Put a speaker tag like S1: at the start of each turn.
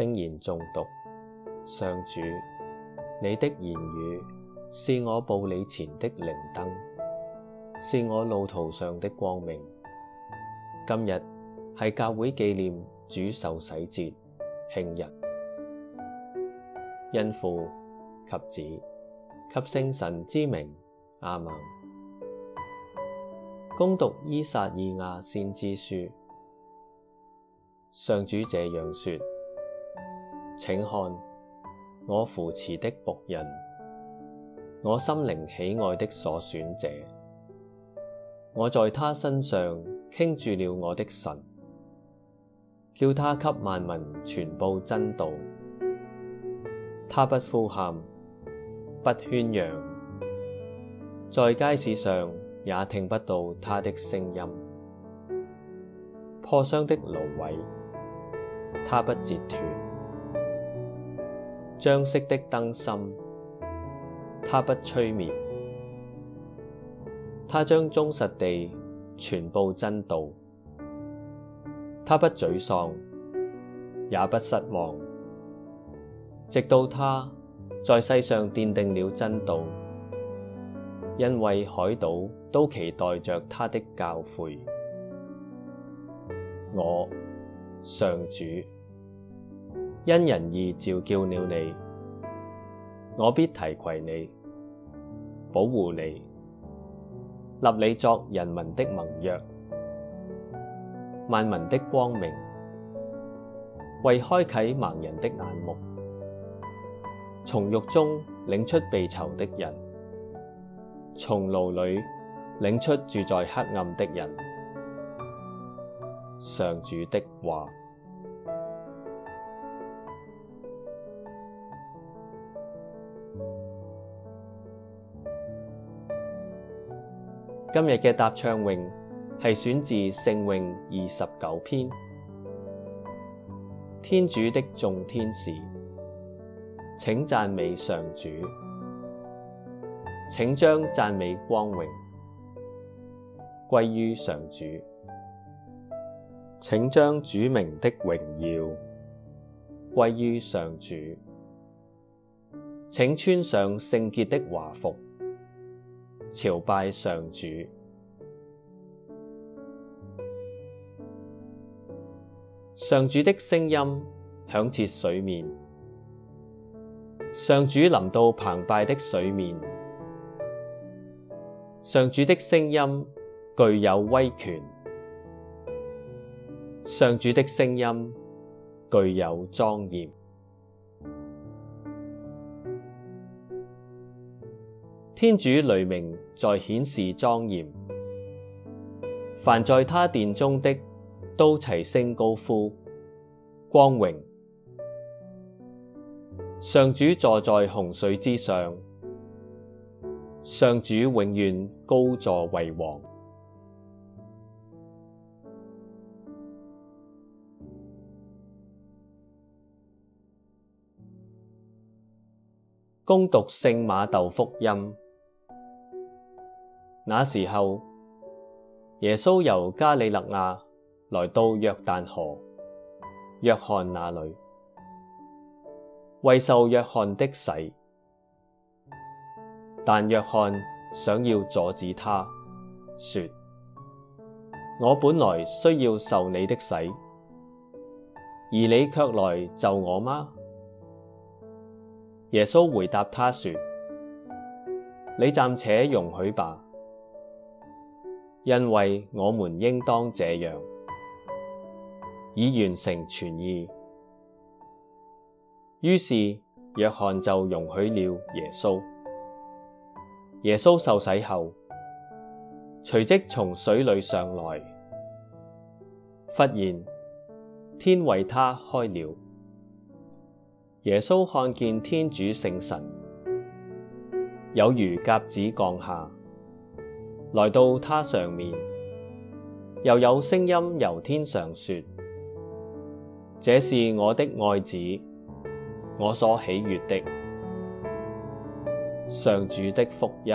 S1: 聖言誦讀，上主，你的言語是我步你前的靈燈，是我路途上的光明。今日係教會紀念主受洗節慶日，因父及子及聖神之名，阿門。恭讀《依撒意亞先知書》，上主這樣說。請看，我扶持的僕人，我心靈喜愛的所選者。我在他身上傾注了我的神，叫他給萬民傳報真道。他不呼喊，不喧嚷，在街市上也聽不到他的聲音。破傷的蘆葦，他不折斷。將熄的燈芯，他不吹滅；他將忠實地傳報真道，他不沮喪，也不失望，直到他在世上奠定了真道，因為海島都期待着他的教誨。我，上主，因仁義召叫了你，我必提攜你，保護你，立你作人民的盟約，萬民的光明，為開啟盲人的眼目，從獄中領出被囚的人，從牢裡領出住在黑暗的人。上主的話。今日嘅答唱詠，係選自聖詠二十九篇。天主的眾天使，請讚美上主，請將讚美光榮歸於上主，請將主名的榮耀歸於上主，請穿上聖潔的華服。朝拜上主，上主的聲音響徹水面，上主臨到澎湃的水面，上主的聲音具有威權，上主的聲音具有莊嚴。天主雷鳴在顯示莊嚴，凡在他殿中的都齊聲高呼：光榮！上主坐在洪水之上，上主永遠高坐為王。恭讀聖瑪竇福音。那時候，耶穌由加里肋亞來到約但河若翰那裡，為受若翰的洗。但若翰想要阻止他，說：我本來需要受你的洗，而你卻來就我嗎？耶穌回答他說：你暫且容許吧。因為我們應當這樣，以完成全義。於是若翰就容許了耶穌。耶穌受洗後，隨即從水裡上來，忽然天為他開了。耶穌看見天主聖神有如鴿子降下。來到他上面，又有聲音由天上說：這是我的愛子，我所喜悦的，上主的福音。